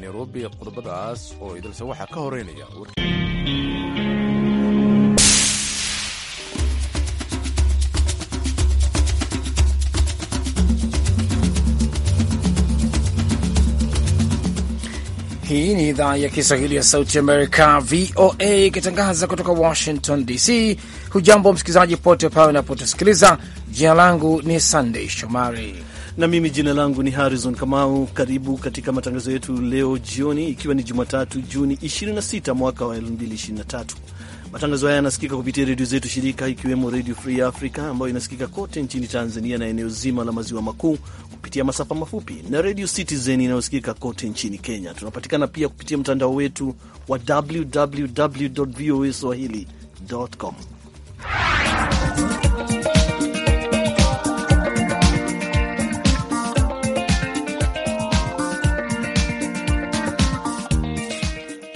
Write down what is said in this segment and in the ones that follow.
Nairobi qodobadaas oo idilse waxaa ka horeynaya Hii ni idhaa ya Kiswahili ya Sauti Amerika, VOA, ikitangaza kutoka Washington DC. Hujambo msikilizaji pote pale unapotusikiliza. Jina langu ni Sandey Shomari na mimi jina langu ni Harrison Kamau. Karibu katika matangazo yetu leo jioni, ikiwa ni Jumatatu Juni 26 mwaka wa 2023. Matangazo haya yanasikika kupitia redio zetu shirika, ikiwemo Redio Free Africa ambayo inasikika kote nchini Tanzania na eneo zima la maziwa makuu kupitia masafa mafupi na Redio Citizen inayosikika kote nchini Kenya. Tunapatikana pia kupitia mtandao wetu wa www voa swahili com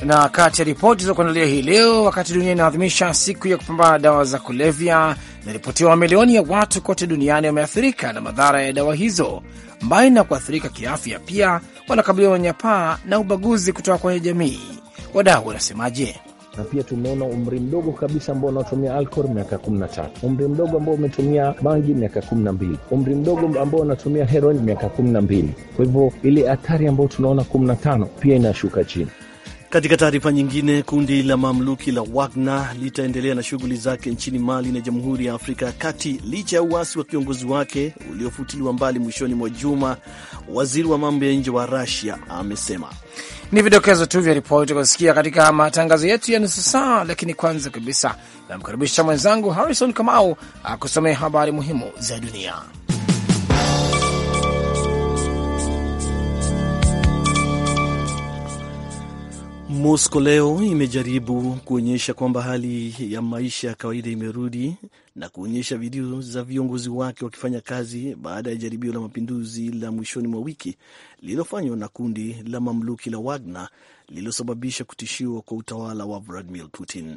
na kati ya ripoti za kuandalia hii leo, wakati dunia inaadhimisha siku ya kupambana na dawa za kulevya, inaripotiwa mamilioni ya watu kote duniani wameathirika na madhara ya dawa hizo. Mbali na kuathirika kiafya, pia wanakabiliwa na unyanyapaa na ubaguzi kutoka kwenye jamii. Wadau wanasemaje? na pia tumeona umri mdogo kabisa ambao unatumia alkohol miaka kumi na tatu, umri mdogo ambao umetumia bangi miaka kumi na mbili, umri mdogo ambao unatumia heroin miaka kumi na mbili. Kwa hivyo ile hatari ambayo tunaona kumi na tano pia inashuka chini. Katika taarifa nyingine, kundi la mamluki la Wagner litaendelea na shughuli zake nchini Mali na Jamhuri ya Afrika ya Kati licha ya uasi wa kiongozi wake uliofutiliwa mbali mwishoni mwa juma, waziri wa mambo ya nje wa rasia amesema. Ni vidokezo tu vya ripoti kusikia katika matangazo yetu ya nusu saa, lakini kwanza kabisa namkaribisha mwenzangu Harrison Kamau akusomea habari muhimu za dunia. Moscow leo imejaribu kuonyesha kwamba hali ya maisha ya kawaida imerudi na kuonyesha video za viongozi wake wakifanya kazi baada ya jaribio la mapinduzi la mwishoni mwa wiki lililofanywa na kundi la mamluki la Wagner lililosababisha kutishiwa kwa utawala wa Vladimir Putin.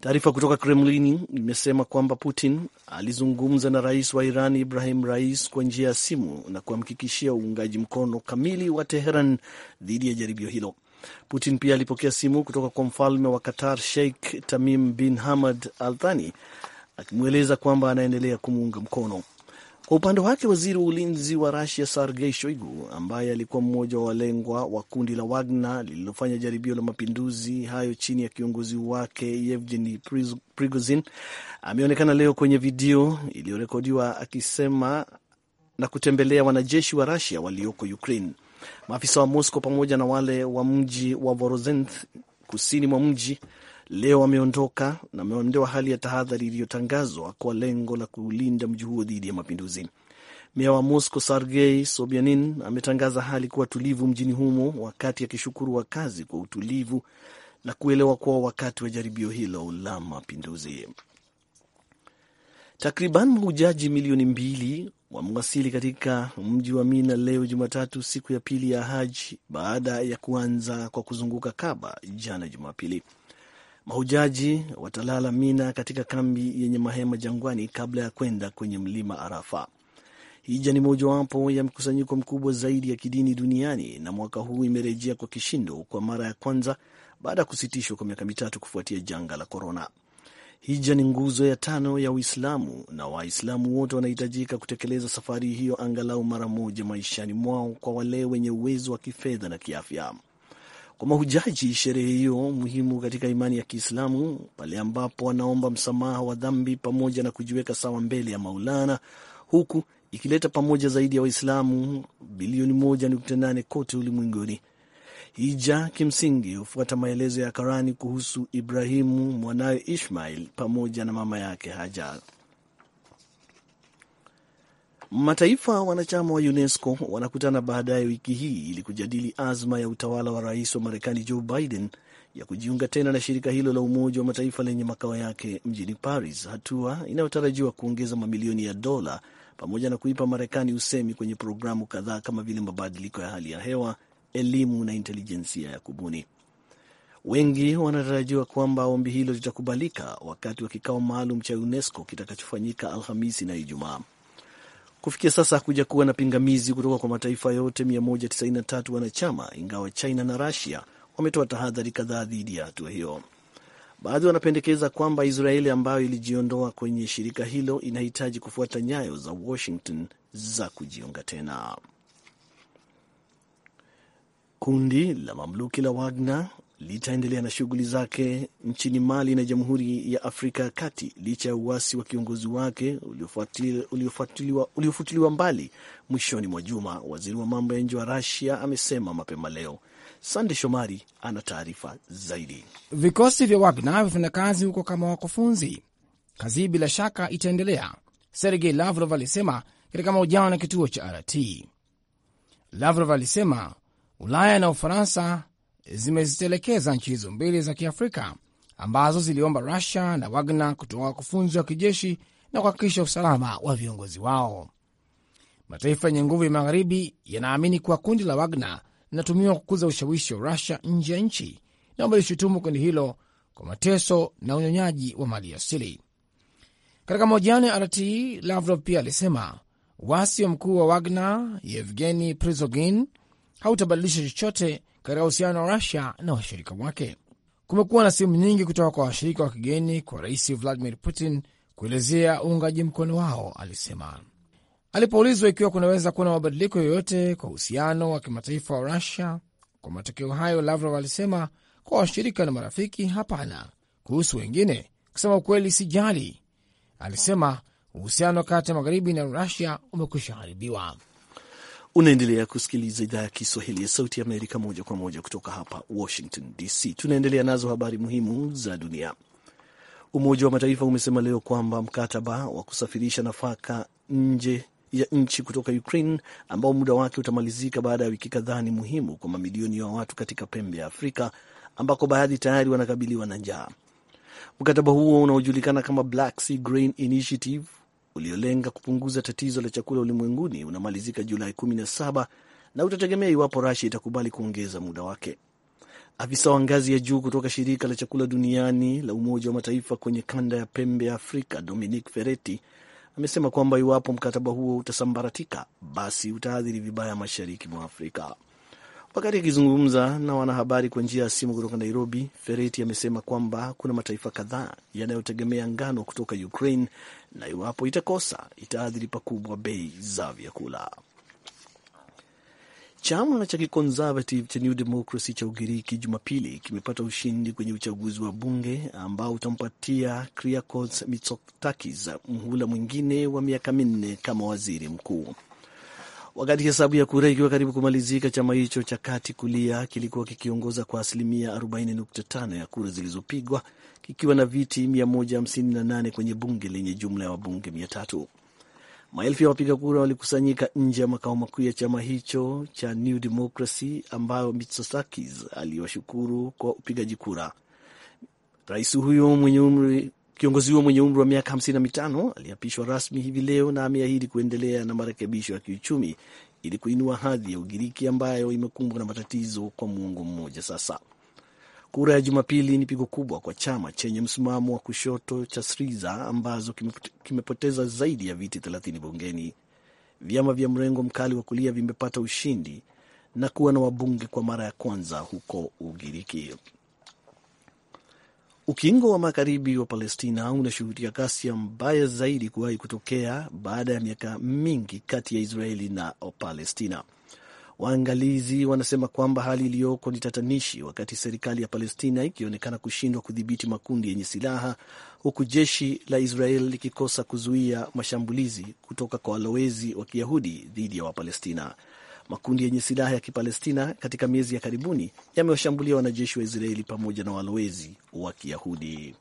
Taarifa kutoka Kremlin imesema kwamba Putin alizungumza na rais wa Iran Ibrahim Rais kwa njia ya simu na kuhakikishia uungaji mkono kamili wa Teheran dhidi ya jaribio hilo. Putin pia alipokea simu kutoka kwa mfalme wa Qatar Sheikh Tamim bin Hamad Al Thani akimweleza kwamba anaendelea kumuunga mkono. Kwa upande wake, waziri wa ulinzi wa rasia Sergei Shoigu, ambaye alikuwa mmoja wa walengwa wa kundi la Wagner lililofanya jaribio la mapinduzi hayo chini ya kiongozi wake Yevgeny Prigozhin, ameonekana leo kwenye video iliyorekodiwa akisema na kutembelea wanajeshi wa rasia walioko Ukraine. Maafisa wa Moscow pamoja na wale wa mji wa Voronezh kusini mwa mji leo wameondoka na wameondoa hali ya tahadhari iliyotangazwa kwa lengo la kulinda mji huo dhidi ya mapinduzi. Meya wa Moscow Sergei Sobyanin ametangaza hali kuwa tulivu mjini humo, wakati akishukuru wakazi kwa utulivu na kuelewa kwao wakati wa jaribio hilo la mapinduzi. Takriban mahujaji milioni mbili wamewasili katika mji wa Mina leo Jumatatu, siku ya pili ya Haji baada ya kuanza kwa kuzunguka Kaba jana Jumapili. Mahujaji watalala Mina katika kambi yenye mahema jangwani kabla ya kwenda kwenye mlima Arafa. Hija ni mojawapo ya mkusanyiko mkubwa zaidi ya kidini duniani na mwaka huu imerejea kwa kishindo kwa mara ya kwanza baada ya kusitishwa kwa miaka mitatu kufuatia janga la korona. Hija ni nguzo ya tano ya Uislamu na Waislamu wote wanahitajika kutekeleza safari hiyo angalau mara moja maishani mwao kwa wale wenye uwezo wa kifedha na kiafya. Kwa mahujaji, sherehe hiyo muhimu katika imani ya Kiislamu pale ambapo wanaomba msamaha wa dhambi pamoja na kujiweka sawa mbele ya Maulana, huku ikileta pamoja zaidi ya Waislamu bilioni 1.8 kote ulimwenguni Hija kimsingi hufuata maelezo ya Karani kuhusu Ibrahimu mwanawe Ishmail pamoja na mama yake Hajar. Mataifa wanachama wa UNESCO wanakutana baadaye wiki hii ili kujadili azma ya utawala wa rais wa Marekani Joe Biden ya kujiunga tena na shirika hilo la Umoja wa Mataifa lenye makao yake mjini Paris, hatua inayotarajiwa kuongeza mamilioni ya dola pamoja na kuipa Marekani usemi kwenye programu kadhaa kama vile mabadiliko ya hali ya hewa elimu na intelijensia ya kubuni. Wengi wanatarajiwa kwamba ombi hilo litakubalika wakati wa kikao maalum cha UNESCO kitakachofanyika Alhamisi na Ijumaa. Kufikia sasa hakuja kuwa na pingamizi kutoka kwa mataifa yote 193 wanachama, ingawa China na Rusia wametoa tahadhari kadhaa dhidi ya hatua hiyo. Baadhi wanapendekeza kwamba Israeli ambayo ilijiondoa kwenye shirika hilo inahitaji kufuata nyayo za Washington za kujiunga tena. Kundi la mamluki la Wagner litaendelea na shughuli zake nchini Mali na Jamhuri ya Afrika ya Kati licha ya uasi wa kiongozi wake uliofutiliwa mbali mwishoni mwa juma, waziri wa mambo ya nje wa rasia amesema mapema leo. Sande Shomari ana taarifa zaidi. Vikosi vya Wagner vifanya kazi huko kama wakufunzi. Kazi hii bila shaka itaendelea, Sergei Lavrov alisema katika mahojiano na kituo cha RT. Lavrov alisema Ulaya na Ufaransa zimezitelekeza nchi hizo mbili za Kiafrika ambazo ziliomba Rusia na Wagner kutoa wakufunzi wa kijeshi na kuhakikisha usalama wa viongozi wao. Mataifa yenye nguvu ya magharibi yanaamini kuwa kundi la Wagner linatumiwa kukuza ushawishi wa Rusia nje ya nchi na wamelishutumu kundi hilo kwa mateso na unyonyaji wa mali asili. Katika mahojiano ya RT, e, Lavrov pia alisema wasi wa mkuu wa Wagner Yevgeni Prizogin hautabadilisha chochote katika uhusiano wa Rusia na washirika wake. Kumekuwa na simu nyingi kutoka kwa washirika wa kigeni kwa Rais Vladimir Putin kuelezea uungaji mkono wao, alisema. Alipoulizwa ikiwa kunaweza kuwa na mabadiliko yoyote kwa uhusiano wa kimataifa wa Rusia kwa matokeo hayo, Lavrov alisema kwa washirika na marafiki, hapana. Kuhusu wengine, kusema ukweli, sijali, alisema. Uhusiano kati ya magharibi na Rusia umekwisha haribiwa. Unaendelea kusikiliza idhaa ya Kiswahili ya Sauti Amerika moja kwa moja kutoka hapa Washington DC. Tunaendelea nazo habari muhimu za dunia. Umoja wa Mataifa umesema leo kwamba mkataba wa kusafirisha nafaka nje ya nchi kutoka Ukraine ambao muda wake utamalizika baada ya wiki kadhaa ni muhimu kwa mamilioni ya watu katika pembe ya Afrika ambako baadhi tayari wanakabiliwa na njaa. Mkataba huo unaojulikana kama Black Sea Grain Initiative uliolenga kupunguza tatizo la chakula ulimwenguni unamalizika Julai 17 na utategemea iwapo Russia itakubali kuongeza muda wake. Afisa wa ngazi ya juu kutoka shirika la chakula duniani la Umoja wa Mataifa kwenye kanda ya pembe ya Afrika, Dominic Ferretti, amesema kwamba iwapo mkataba huo utasambaratika, basi utaathiri vibaya mashariki mwa Afrika. Wakati akizungumza na wanahabari kwa njia ya simu kutoka Nairobi, Fereti amesema kwamba kuna mataifa kadhaa yanayotegemea ngano kutoka Ukraine na iwapo itakosa itaathiri pakubwa bei za vyakula. Chama cha kiconservative cha New Democracy cha Ugiriki Jumapili kimepata ushindi kwenye uchaguzi wa bunge ambao utampatia Kyriakos Mitsotakis mhula mwingine wa miaka minne kama waziri mkuu. Wakati hesabu ya kura ikiwa karibu kumalizika, chama hicho cha kati kulia kilikuwa kikiongoza kwa asilimia 40.5 ya kura zilizopigwa kikiwa na viti 158 kwenye bunge lenye jumla ya wabunge 300. Maelfu ya wapiga kura walikusanyika nje ya makao makuu ya chama hicho cha New Democracy ambayo Mitsotakis aliwashukuru kwa upigaji kura. Rais huyo mwenye umri Kiongozi huo mwenye umri wa miaka mitano aliapishwa rasmi hivi leo na ameahidi kuendelea na marekebisho ya kiuchumi ili kuinua hadhi ya Ugiriki ambayo imekumbwa na matatizo kwa muongo mmoja sasa. Kura ya Jumapili ni pigo kubwa kwa chama chenye msimamo wa kushoto cha Syriza ambazo kimepoteza zaidi ya viti 30 bungeni. Vyama vya mrengo mkali wa kulia vimepata ushindi na kuwa na wabunge kwa mara ya kwanza huko Ugiriki. Ukingo wa magharibi wa Palestina unashuhudia ghasia mbaya zaidi kuwahi kutokea baada ya miaka mingi kati ya Israeli na Palestina. Waangalizi wanasema kwamba hali iliyoko ni tatanishi, wakati serikali ya Palestina ikionekana kushindwa kudhibiti makundi yenye silaha, huku jeshi la Israel likikosa kuzuia mashambulizi kutoka kwa walowezi wa Kiyahudi dhidi ya Wapalestina. Makundi yenye silaha ya Kipalestina katika miezi ya karibuni yamewashambulia wanajeshi wa Israeli pamoja na walowezi wa Kiyahudi.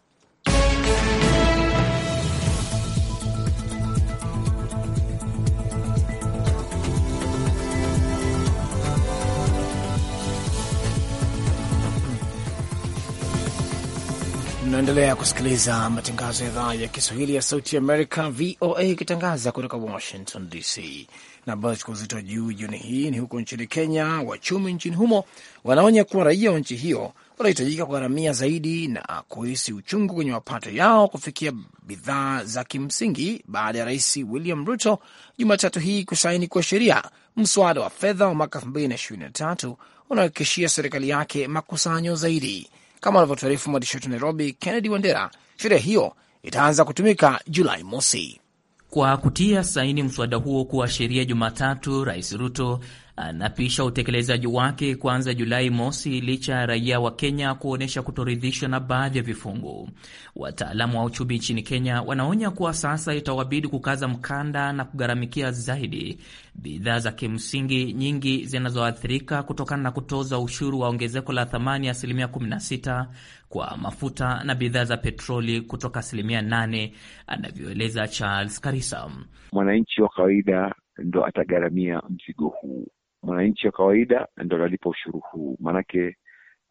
Unaendelea kusikiliza matangazo ya idhaa ya Kiswahili ya Sauti Amerika, VOA, ikitangaza kutoka Washington DC. Na ambayo chukua uzito juu jioni hii ni huko nchini Kenya. Wachumi nchini humo wanaonya kuwa raia wa nchi hiyo wanahitajika kugharamia zaidi na kuhisi uchungu kwenye mapato yao kufikia bidhaa za kimsingi baada ya Rais William Ruto Jumatatu hii kusaini kwa sheria mswada wa fedha wa mwaka 2023 unaohakikishia serikali yake makusanyo zaidi. Kama anavyotuarifu mwandishi wetu Nairobi, Kennedy Wandera, sheria hiyo itaanza kutumika Julai mosi. Kwa kutia saini mswada huo kuwa sheria Jumatatu, Rais Ruto anapisha ah, utekelezaji wake kuanza Julai mosi, licha ya raia wa Kenya kuonyesha kutoridhishwa na baadhi ya vifungu. Wataalamu wa uchumi nchini Kenya wanaonya kuwa sasa itawabidi kukaza mkanda na kugharamikia zaidi bidhaa za kimsingi nyingi zinazoathirika kutokana na kutoza ushuru wa ongezeko la thamani ya asilimia 16 kwa mafuta na bidhaa za petroli kutoka asilimia 8, anavyoeleza Charles Karisa. Mwananchi wa kawaida ndo atagharamia mzigo huu mwananchi wa kawaida ndo analipa ushuru huu. Maanake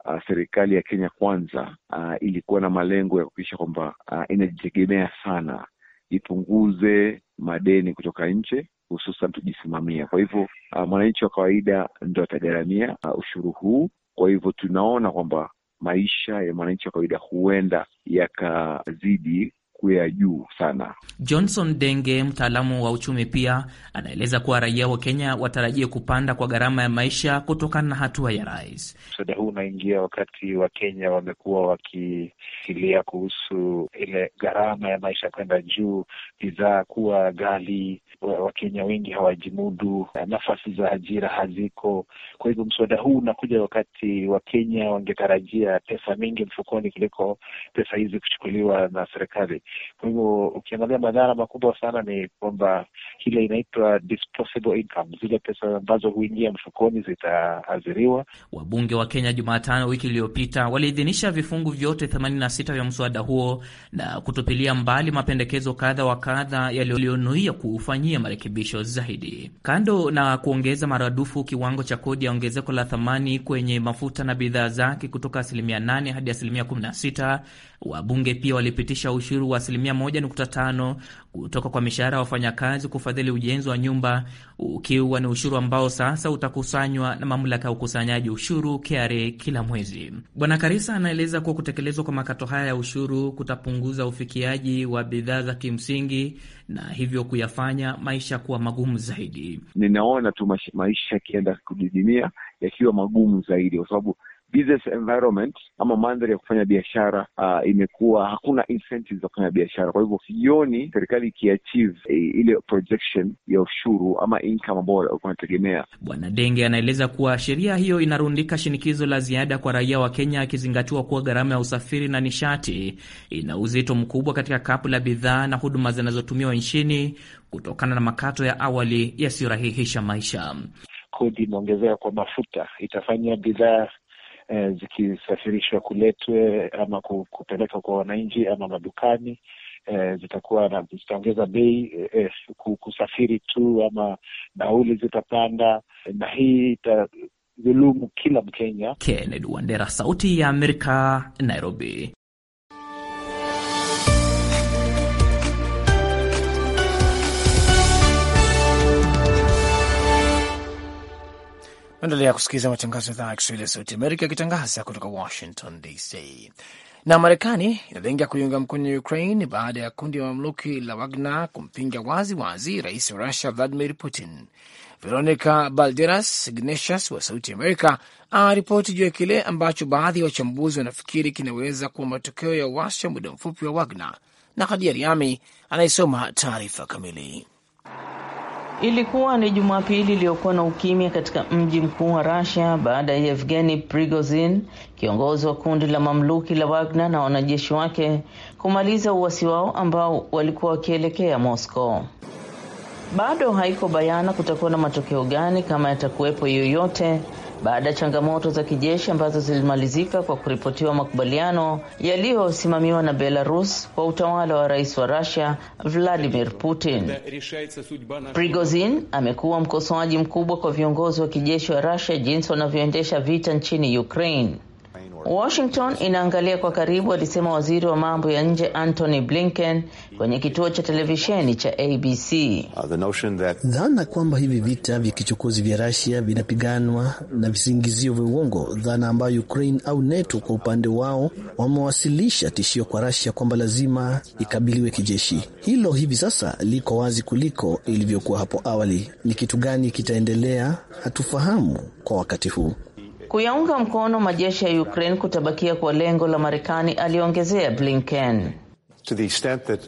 uh, serikali ya Kenya Kwanza uh, ilikuwa na malengo ya kuhakikisha kwamba uh, inajitegemea sana, ipunguze madeni kutoka nje hususan tujisimamia. Kwa hivyo uh, mwananchi wa kawaida ndo atagharamia uh, ushuru huu. Kwa hivyo tunaona kwamba maisha ya mwananchi wa kawaida huenda yakazidi yakuwe ya juu sana. Johnson Denge, mtaalamu wa uchumi, pia anaeleza kuwa raia wa Kenya watarajie kupanda kwa gharama ya maisha kutokana na hatua ya rais. Mswada huu unaingia wakati wa Kenya wamekuwa wakifikiria kuhusu ile gharama ya maisha kwenda juu, bidhaa kuwa ghali, Wakenya wengi hawajimudu, nafasi za ajira haziko. Kwa hivyo mswada huu unakuja wakati Wakenya wangetarajia pesa mingi mfukoni kuliko pesa hizi kuchukuliwa na serikali. Kwa hivyo ukiangalia madhara makubwa sana ni kwamba ile inaitwa disposable income, zile pesa ambazo huingia mfukoni zitaathiriwa. Wabunge wa Kenya Jumatano wiki iliyopita waliidhinisha vifungu vyote 86 vya mswada huo na kutupilia mbali mapendekezo kadha wa kadha yaliyonuia kuufanyia marekebisho zaidi. Kando na kuongeza maradufu kiwango cha kodi ya ongezeko la thamani kwenye mafuta na bidhaa zake kutoka asilimia 8 hadi asilimia 16, wabunge pia walipitisha ushuru wa asilimia 1.5 kutoka kwa mishahara ya wafanyakazi kufadhili ujenzi wa nyumba, ukiwa ni ushuru ambao sasa utakusanywa na mamlaka ya ukusanyaji ushuru KRA kila mwezi. Bwana Karisa anaeleza kuwa kutekelezwa kwa makato haya ya ushuru kutapunguza ufikiaji wa bidhaa za kimsingi na hivyo kuyafanya maisha kuwa magumu zaidi. Ninaona tu maisha yakienda kudidimia, yakiwa magumu zaidi, kwa sababu business environment ama mandhari ya kufanya biashara uh, imekuwa hakuna za kufanya biashara. Kwa hivyo sioni serikali ikiachieve eh, ile projection ya ushuru ama income ambao walikuwa wanategemea. Bwana Denge anaeleza kuwa sheria hiyo inarundika shinikizo la ziada kwa raia wa Kenya, akizingatiwa kuwa gharama ya usafiri na nishati ina uzito mkubwa katika kapu la bidhaa na huduma zinazotumiwa nchini kutokana na makato ya awali yasiyorahihisha maisha. Kodi imeongezeka kwa mafuta itafanya bidhaa eh, zikisafirishwa kuletwe ama kupeleka kwa wananchi ama madukani eh, zitakuwa na zitaongeza bei eh, kusafiri tu ama nauli zitapanda, na hii itadhulumu kila Mkenya. Kennedy Wandera, Sauti ya Amerika, Nairobi. Naendelea kusikiliza matangazo ya idhaa ya Kiswahili ya Sauti Amerika yakitangaza kutoka Washington DC. Na Marekani inalenga kuiunga mkono Ukraine baada ya kundi la mamluki la Wagner kumpinga wazi wazi rais wa Rusia Vladimir Putin. Veronica Balderas Ignatius wa Sauti Amerika anaripoti juu ya kile ambacho baadhi ya wa wachambuzi wanafikiri kinaweza kuwa matokeo ya washa muda mfupi wa Wagner, na Hadia Riami anayesoma taarifa kamili. Ilikuwa ni Jumapili iliyokuwa na ukimya katika mji mkuu wa Russia baada ya Yevgeni Prigozhin, kiongozi wa kundi la mamluki la Wagner na wanajeshi wake kumaliza uwasi wao ambao walikuwa wakielekea Moscow. Bado haiko bayana kutakuwa na matokeo gani kama yatakuwepo yoyote, baada ya changamoto za kijeshi ambazo zilimalizika kwa kuripotiwa makubaliano yaliyosimamiwa na Belarus kwa utawala wa rais wa Rusia Vladimir Putin. Prigozin amekuwa mkosoaji mkubwa kwa viongozi wa kijeshi wa Rusia jinsi wanavyoendesha vita nchini Ukraine. Washington inaangalia kwa karibu, alisema waziri wa mambo ya nje Antony Blinken kwenye kituo cha televisheni cha ABC. Uh, dhana kwamba hivi vita vya kichokozi vya Rusia vinapiganwa na visingizio vya uongo, dhana ambayo Ukraine au NATO kwa upande wao wamewasilisha tishio kwa Rusia kwamba lazima ikabiliwe kijeshi, hilo hivi sasa liko wazi kuliko ilivyokuwa hapo awali. Ni kitu gani kitaendelea hatufahamu kwa wakati huu kuyaunga mkono majeshi ya Ukraine kutabakia kwa lengo la Marekani, aliongezea Blinken.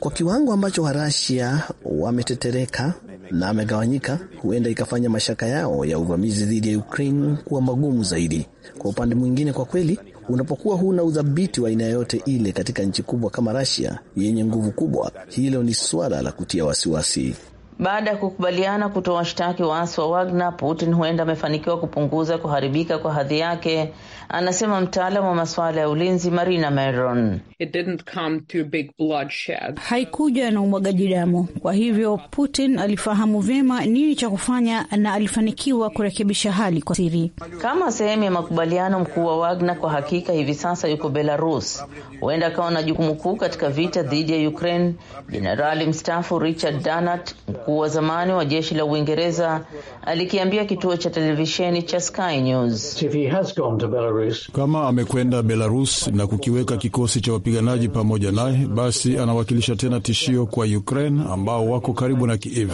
kwa kiwango ambacho Warasia wametetereka na amegawanyika, huenda ikafanya mashaka yao ya uvamizi dhidi ya Ukraine kuwa magumu zaidi. Kwa upande mwingine, kwa kweli, unapokuwa huna udhabiti wa aina yoyote ile katika nchi kubwa kama Rasia yenye nguvu kubwa, hilo ni suala la kutia wasiwasi wasi. Baada ya kukubaliana kutoa waasi wa Wagner, Putin huenda amefanikiwa kupunguza kuharibika kwa hadhi yake, anasema mtaalamu wa masuala ya ulinzi Marina Meron. Haikuja na umwagaji damu, kwa hivyo Putin alifahamu vyema nini cha kufanya na alifanikiwa kurekebisha hali kwa siri. Kama sehemu ya makubaliano, mkuu wa Wagner kwa hakika hivi sasa yuko Belarus, huenda akawa na jukumu kuu katika vita dhidi ya Ukraine. Jenerali mstaafu Richard Danat mkuu wa zamani wa jeshi la Uingereza alikiambia kituo cha televisheni cha Sky News kama amekwenda Belarus na kukiweka kikosi cha wapiganaji pamoja naye, basi anawakilisha tena tishio kwa Ukraine ambao wako karibu na Kiev.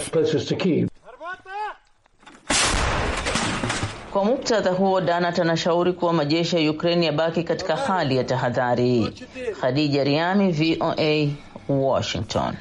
Kwa muktadha huo, Danat anashauri kuwa majeshi ya Ukraine yabaki katika hali ya tahadhari. Khadija Riami, VOA, Washington.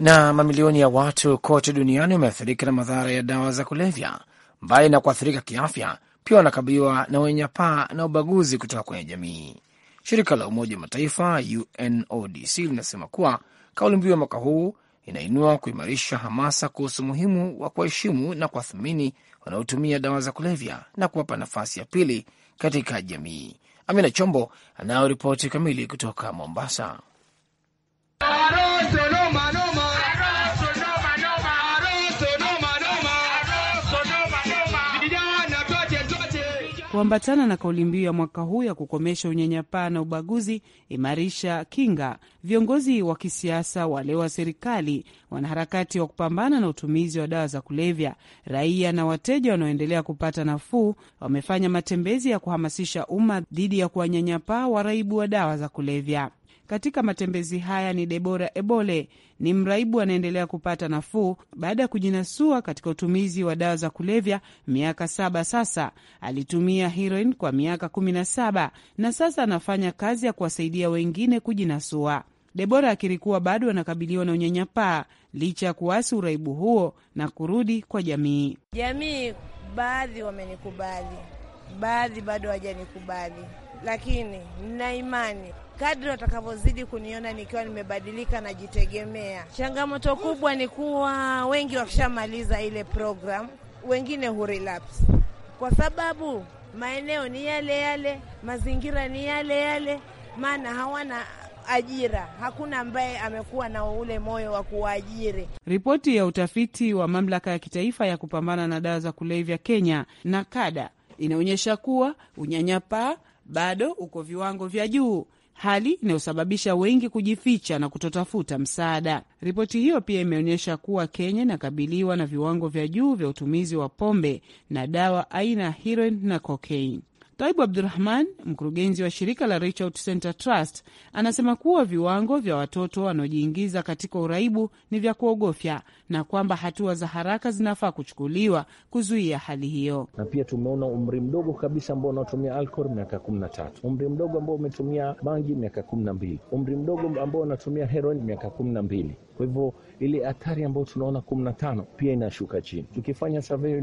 Na mamilioni ya watu kote duniani wameathirika na madhara ya dawa za kulevya. Mbali na kuathirika kiafya, pia wanakabiliwa na unyanyapaa na ubaguzi kutoka kwenye jamii. Shirika la Umoja wa Mataifa UNODC linasema kuwa kauli mbiu ya mwaka huu inainua kuimarisha hamasa kuhusu umuhimu wa kuwaheshimu na kuwathamini wanaotumia dawa za kulevya na kuwapa nafasi ya pili katika jamii. Amina Chombo anayo ripoti kamili kutoka Mombasa. kuambatana na kauli mbiu ya mwaka huu ya kukomesha unyanyapaa na ubaguzi, imarisha kinga. Viongozi wa kisiasa, wale wa serikali, wanaharakati wa kupambana na utumizi wa dawa za kulevya, raia na wateja wanaoendelea kupata nafuu wamefanya matembezi ya kuhamasisha umma dhidi ya kuwanyanyapaa waraibu wa dawa za kulevya. Katika matembezi haya ni Debora Ebole, ni mraibu anaendelea kupata nafuu baada ya kujinasua katika utumizi wa dawa za kulevya miaka saba sasa. Alitumia heroin kwa miaka kumi na saba na sasa anafanya kazi ya kuwasaidia wengine kujinasua. Debora akiri kuwa bado anakabiliwa na unyanyapaa licha ya kuasi uraibu huo na kurudi kwa jamii. Jamii baadhi wamenikubali, baadhi bado hawajanikubali, lakini nina imani kadri watakavyozidi kuniona nikiwa nimebadilika, najitegemea. Changamoto kubwa ni kuwa wengi wakishamaliza ile program, wengine hurelapse kwa sababu maeneo ni yale yale, mazingira ni yale yale, maana hawana ajira. Hakuna ambaye amekuwa na ule moyo wa kuwaajiri. Ripoti ya utafiti wa mamlaka ya kitaifa ya kupambana na dawa za kulevya Kenya na kada inaonyesha kuwa unyanyapaa bado uko viwango vya juu hali inayosababisha wengi kujificha na kutotafuta msaada. Ripoti hiyo pia imeonyesha kuwa Kenya inakabiliwa na viwango vya juu vya utumizi wa pombe na dawa aina ya heroin na cocaine. Taibu Abdurahman, mkurugenzi wa shirika la Reach Out Center Trust, anasema kuwa viwango vya watoto wanaojiingiza katika uraibu ni vya kuogofya na kwamba hatua za haraka zinafaa kuchukuliwa kuzuia hali hiyo. Na pia tumeona umri mdogo kabisa ambao unaotumia alkohol miaka kumi na tatu, umri mdogo ambao umetumia bangi miaka kumi na mbili, umri mdogo ambao unatumia heroin miaka kumi na mbili. Kwa hivyo ile athari ambayo tunaona kumi na tano pia inashuka chini. Tukifanya survey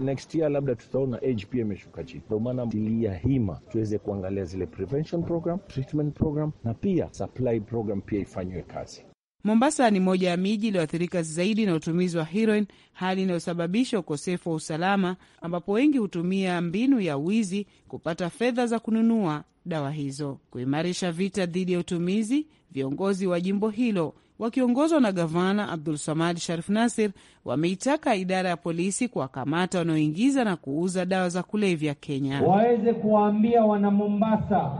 next year, labda tutaona age pia imeshuka chini, ndio maana kutulia hima, tuweze kuangalia zile prevention program, treatment program na pia supply program pia ifanywe kazi. Mombasa ni moja ya miji iliyoathirika zaidi na utumizi wa heroin, hali inayosababisha ukosefu wa usalama, ambapo wengi hutumia mbinu ya wizi kupata fedha za kununua dawa hizo. Kuimarisha vita dhidi ya utumizi, viongozi wa jimbo hilo wakiongozwa na gavana Abdul Samad Sharif Nasir wameitaka idara ya polisi kuwakamata wanaoingiza na kuuza dawa za kulevya Kenya. Waweze kuwaambia wana Mombasa,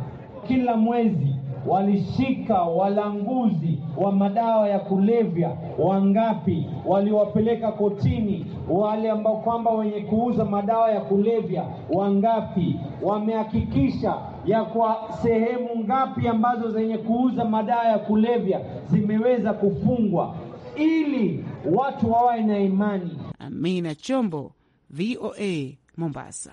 kila mwezi walishika walanguzi wa madawa ya kulevya wangapi, waliwapeleka kotini. Wale ambao kwamba wenye kuuza madawa ya kulevya wangapi, wamehakikisha ya kwa sehemu ngapi ambazo zenye kuuza madawa ya kulevya zimeweza kufungwa ili watu wawe na imani. Amina Chombo, VOA Mombasa.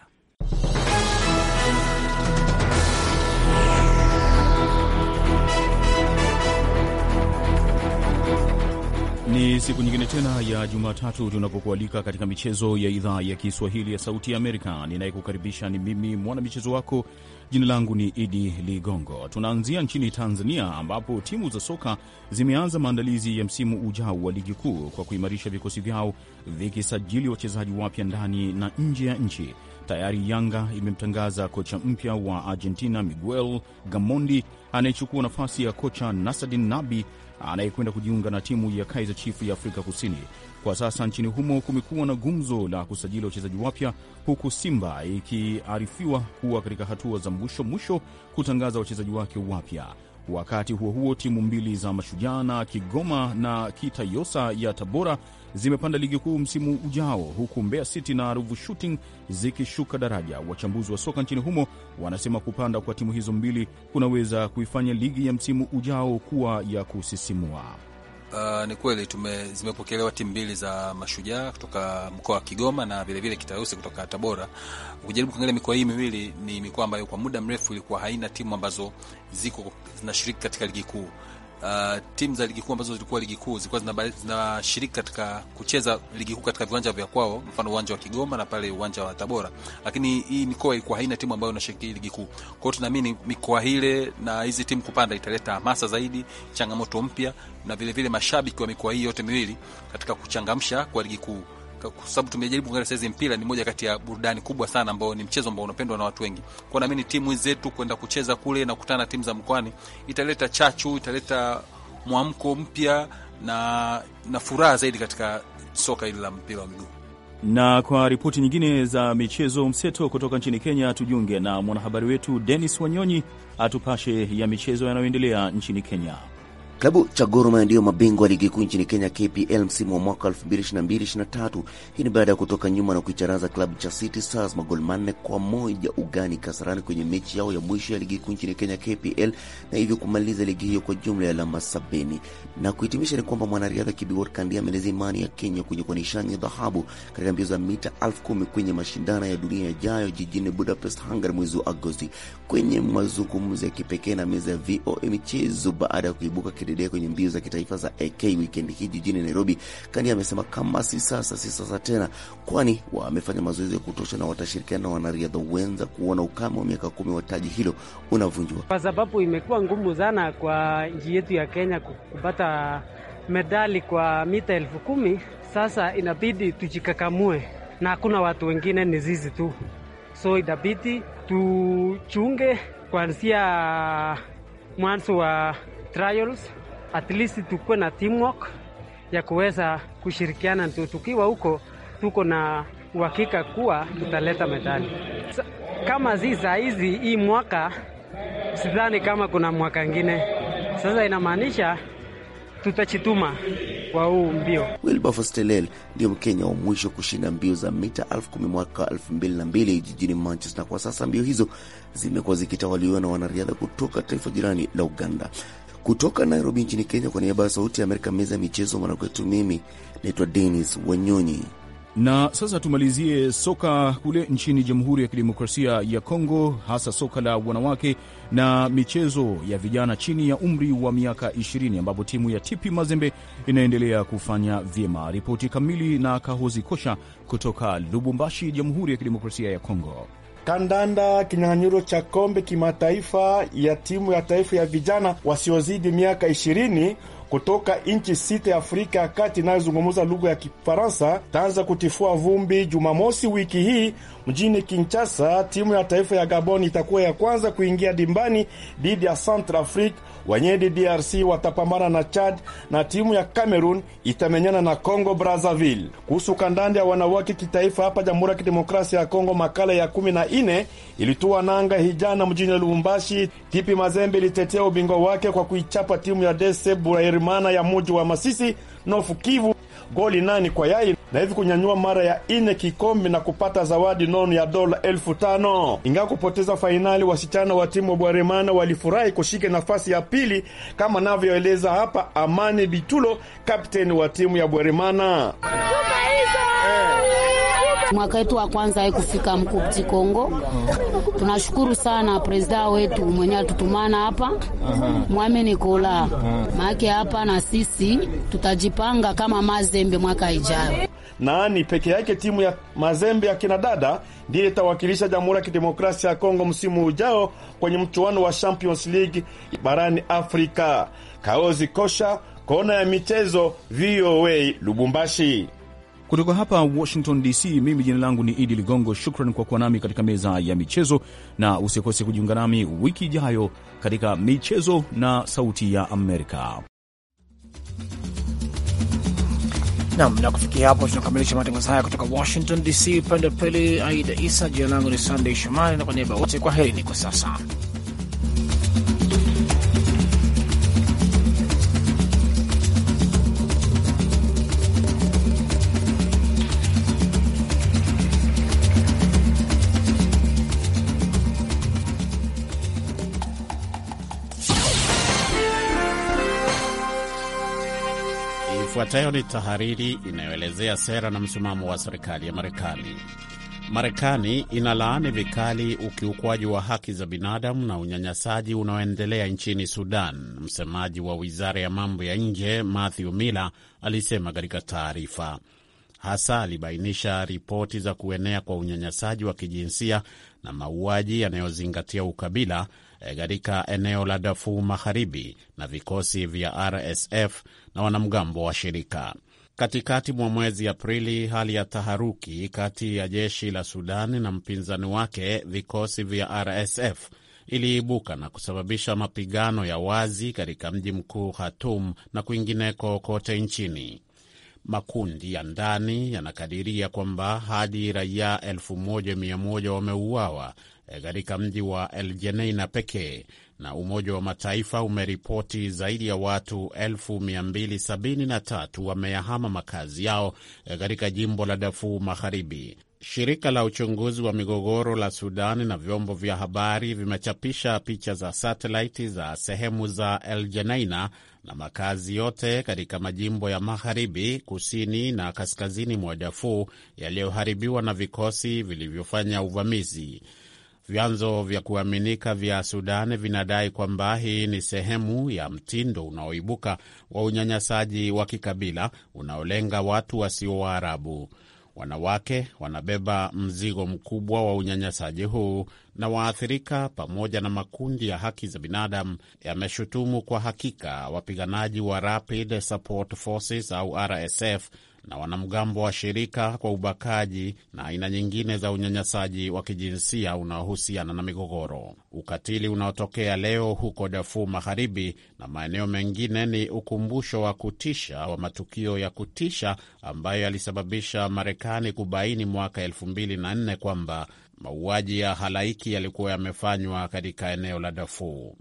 Ni siku nyingine tena ya Jumatatu tunapokualika katika michezo ya idhaa ya Kiswahili ya Sauti ya Amerika. Ninayekukaribisha ni mimi mwanamichezo wako, jina langu ni Idi Ligongo. Tunaanzia nchini Tanzania, ambapo timu za soka zimeanza maandalizi ya msimu ujao wa ligi kuu kwa kuimarisha vikosi vyao, vikisajili wachezaji wapya ndani na nje ya nchi. Tayari Yanga imemtangaza kocha mpya wa Argentina, Miguel Gamondi, anayechukua nafasi ya kocha Nasadin Nabi anayekwenda kujiunga na timu ya Kaizer Chiefs ya Afrika Kusini. Kwa sasa nchini humo kumekuwa na gumzo la kusajili wachezaji wapya, huku Simba ikiarifiwa kuwa katika hatua za mwisho mwisho kutangaza wachezaji wake wapya. Wakati huo huo, timu mbili za Mashujaa na Kigoma na Kitayosa ya Tabora zimepanda ligi kuu msimu ujao, huku Mbeya City na Ruvu Shooting zikishuka daraja. Wachambuzi wa soka nchini humo wanasema kupanda kwa timu hizo mbili kunaweza kuifanya ligi ya msimu ujao kuwa ya kusisimua. Uh, ni kweli zimepokelewa timu mbili za mashujaa kutoka mkoa wa Kigoma na vilevile Kitausi kutoka Tabora. Ukijaribu kuangalia mikoa hii miwili, ni mikoa ambayo kwa muda mrefu ilikuwa haina timu ambazo ziko zinashiriki katika ligi kuu uh, timu za ligi kuu ambazo zilikuwa ligi kuu zilikuwa zinashiriki katika kucheza ligi kuu katika viwanja vya kwao, mfano uwanja wa Kigoma na pale uwanja wa Tabora, lakini hii mikoa ilikuwa haina timu ambayo inashiriki ligi kuu. Kwa hiyo tunaamini mikoa ile na hizi timu kupanda italeta hamasa zaidi, changamoto mpya na vilevile mashabiki wa mikoa hii yote miwili katika kuchangamsha kwa ligi kuu kwa sababu tumejaribu kuangalia saizi, mpira ni moja kati ya burudani kubwa sana, ambao ni mchezo ambao unapendwa na watu wengi. Kwa naamini timu zetu kwenda kucheza kule na kukutana na timu za mkoani italeta chachu, italeta mwamko mpya na, na furaha zaidi katika soka hili la mpira wa miguu. Na kwa ripoti nyingine za michezo mseto kutoka nchini Kenya, tujiunge na mwanahabari wetu Dennis Wanyonyi atupashe ya michezo yanayoendelea nchini Kenya. Klabu cha Gor Mahia ndiyo mabingwa ligi kuu nchini Kenya KPL msimu wa mwaka 2022/2023. Hii ni baada ya kutoka nyuma na kuicharaza klabu cha City Stars magoli manne kwa moja ugani Kasarani kwenye mechi yao ya mwisho ya ligi kuu nchini Kenya KPL, na hivyo kumaliza ligi hiyo kwa jumla ya alama sabini. Na kuhitimisha ni kwamba mwanariadha Kibiwot Kandia ameleza imani ya Kenya kwenye ya dhahabu katika mbio za mita elfu kumi kwenye mashindano ya dunia yajayo jijini Budapest, Hungary mwezi wa Agosti, kwenye mazungumzo ya kipekee na meza ya VOA michezo baada ya kuibuka kide kidedea kwenye mbio za kitaifa za AK wikendi hii jijini Nairobi, Kani amesema kama si sasa, si sasa tena, kwani wamefanya mazoezi ya kutosha na watashirikiana na wanariadha wenza kuona ukame wa miaka kumi wa taji hilo unavunjwa, kwa sababu imekuwa ngumu sana kwa nchi yetu ya Kenya kupata medali kwa mita elfu kumi. Sasa inabidi tujikakamue, na hakuna watu wengine, ni zizi tu, so inabidi tuchunge kuanzia mwanzo wa trials at least tukuwe na teamwork ya kuweza kushirikiana, tu. tukiwa huko tuko na uhakika kuwa tutaleta medali. Kama zi saa hizi hii mwaka, sidhani kama kuna mwaka ngine. Sasa inamaanisha tutachituma kwa huu mbio. Wilberforce Telel ndiyo Mkenya wa mwisho kushinda mbio za mita elfu kumi mwaka elfu mbili na mbili jijini Manchester, na kwa sasa mbio hizo zimekuwa zikitawaliwa na wanariadha kutoka taifa jirani la Uganda. Kutoka Nairobi nchini Kenya, kwa niaba ya Sauti ya Amerika, meza ya michezo, mwanakwetu, mimi naitwa Denis Wanyonyi. Na sasa tumalizie soka kule nchini Jamhuri ya Kidemokrasia ya Kongo, hasa soka la wanawake na michezo ya vijana chini ya umri wa miaka 20, ambapo timu ya TP Mazembe inaendelea kufanya vyema. Ripoti kamili na Kahozi Kosha kutoka Lubumbashi, Jamhuri ya Kidemokrasia ya Kongo kandanda kinyang'anyiro cha kombe kimataifa ya timu ya taifa ya vijana wasiozidi miaka ishirini kutoka nchi sita ya Afrika ya kati inayozungumza lugha ya Kifaransa taanza kutifua vumbi Jumamosi wiki hii Mjini Kinshasa, timu ya taifa ya Gabon itakuwa ya kwanza kuingia dimbani dhidi ya Centrafrique. Wenyeji DRC watapambana na Chad na timu ya Cameroon itamenyana na Congo Brazzaville. Kuhusu kandanda ya wanawake kitaifa hapa Jamhuri ya Kidemokrasia ya Kongo, makala ya kumi na nne ilitua nanga hijana mjini Lubumbashi. Tipi Mazembe ilitetea ubingwa wake kwa kuichapa timu ya Dese Burairimana ya muji wa Masisi, Nofu Kivu goli nani kwa yai na hivi kunyanyua mara ya ine kikombe na kupata zawadi nono ya dola elfu tano. Ingawa kupoteza fainali, wasichana wa timu wa Bwaremana walifurahi kushika nafasi ya pili, kama anavyoeleza hapa Amani Bitulo, kapteni wa timu ya Bwaremana mwaka wetu wa kwanza haikufika Mkupti Kongo. Tunashukuru sana prezida wetu mwenye atutumana hapa Mwame Nikola maake hapa, na sisi tutajipanga kama Mazembe mwaka ijayo. Naani peke yake timu ya Mazembe ya kinadada ndiye itawakilisha Jamhuri ya Kidemokrasia ya Kongo msimu ujao kwenye mchuano wa Champions League barani Afrika. Kaozi Kosha, kona ya michezo, VOA Lubumbashi. Kutoka hapa Washington DC, mimi jina langu ni Idi Ligongo. Shukran kwa kuwa nami katika meza ya michezo, na usikose kujiunga nami wiki ijayo katika michezo na Sauti ya Amerika. Nam, na kufikia hapo tunakamilisha matangazo haya kutoka Washington DC. Upande wa pili, Aida Isa. Jina langu ni Sandey Shomari, na kwa niaba wote, kwa heri ni kwa sasa. Ifuatayo ni tahariri inayoelezea sera na msimamo wa serikali ya Marekani. Marekani inalaani vikali ukiukwaji wa haki za binadamu na unyanyasaji unaoendelea nchini Sudan, msemaji wa wizara ya mambo ya nje Matthew Miller alisema katika taarifa. Hasa alibainisha ripoti za kuenea kwa unyanyasaji wa kijinsia na mauaji yanayozingatia ukabila eh, katika eneo la Darfur Magharibi na vikosi vya RSF na wanamgambo wa shirika. Katikati mwa mwezi Aprili, hali ya taharuki kati ya jeshi la Sudani na mpinzani wake vikosi vya RSF iliibuka na kusababisha mapigano ya wazi katika mji mkuu Khartoum na kwingineko kote nchini. Makundi ya ndani yanakadiria kwamba hadi raia 1100 wameuawa eh, katika mji wa El Geneina pekee na Umoja wa Mataifa umeripoti zaidi ya watu 273 wameyahama makazi yao eh, katika jimbo la Darfur Magharibi. Shirika la uchunguzi wa migogoro la Sudani na vyombo vya habari vimechapisha picha za satelaiti za sehemu za El Geneina na makazi yote katika majimbo ya magharibi, kusini na kaskazini mwa Darfur yaliyoharibiwa na vikosi vilivyofanya uvamizi. Vyanzo vya kuaminika vya Sudani vinadai kwamba hii ni sehemu ya mtindo unaoibuka wa unyanyasaji wa kikabila unaolenga watu wasio Waarabu. Wanawake wanabeba mzigo mkubwa wa unyanyasaji huu, na waathirika pamoja na makundi ya haki za binadamu yameshutumu kwa hakika wapiganaji wa Rapid Support Forces au RSF na wanamgambo wa shirika kwa ubakaji na aina nyingine za unyanyasaji wa kijinsia unaohusiana na migogoro. Ukatili unaotokea leo huko Darfur Magharibi na maeneo mengine ni ukumbusho wa kutisha wa matukio ya kutisha ambayo yalisababisha Marekani kubaini mwaka 2004 kwamba mauaji ya halaiki yalikuwa yamefanywa katika eneo la Darfur.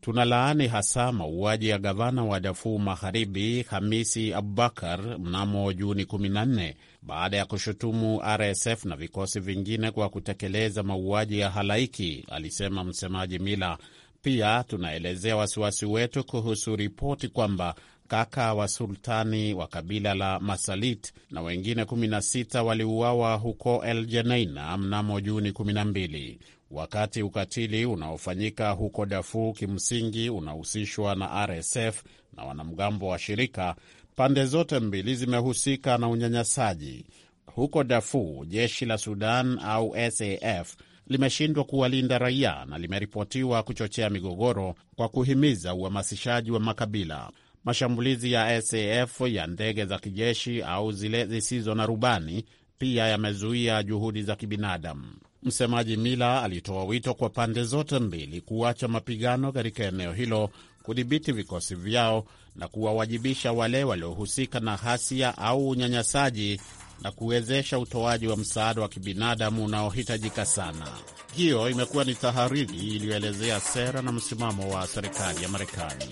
Tunalaani hasa mauaji ya gavana wa Darfur Magharibi Hamisi Abubakar mnamo Juni 14 baada ya kushutumu RSF na vikosi vingine kwa kutekeleza mauaji ya halaiki, alisema msemaji Mila. Pia tunaelezea wasiwasi wetu kuhusu ripoti kwamba kaka wa sultani wa kabila la Masalit na wengine 16 waliuawa huko El Jeneina mnamo Juni wakati ukatili unaofanyika huko Darfur kimsingi unahusishwa na RSF na wanamgambo wa shirika, pande zote mbili zimehusika na unyanyasaji. Huko Darfur, jeshi la Sudan au SAF limeshindwa kuwalinda raia na limeripotiwa kuchochea migogoro kwa kuhimiza uhamasishaji wa makabila. Mashambulizi ya SAF ya ndege za kijeshi au zile zisizo na rubani pia yamezuia juhudi za kibinadamu. Msemaji Mila alitoa wito kwa pande zote mbili kuacha mapigano katika eneo hilo, kudhibiti vikosi vyao na kuwawajibisha wale waliohusika na ghasia au unyanyasaji na kuwezesha utoaji wa msaada wa kibinadamu unaohitajika sana. Hiyo imekuwa ni tahariri iliyoelezea sera na msimamo wa serikali ya Marekani.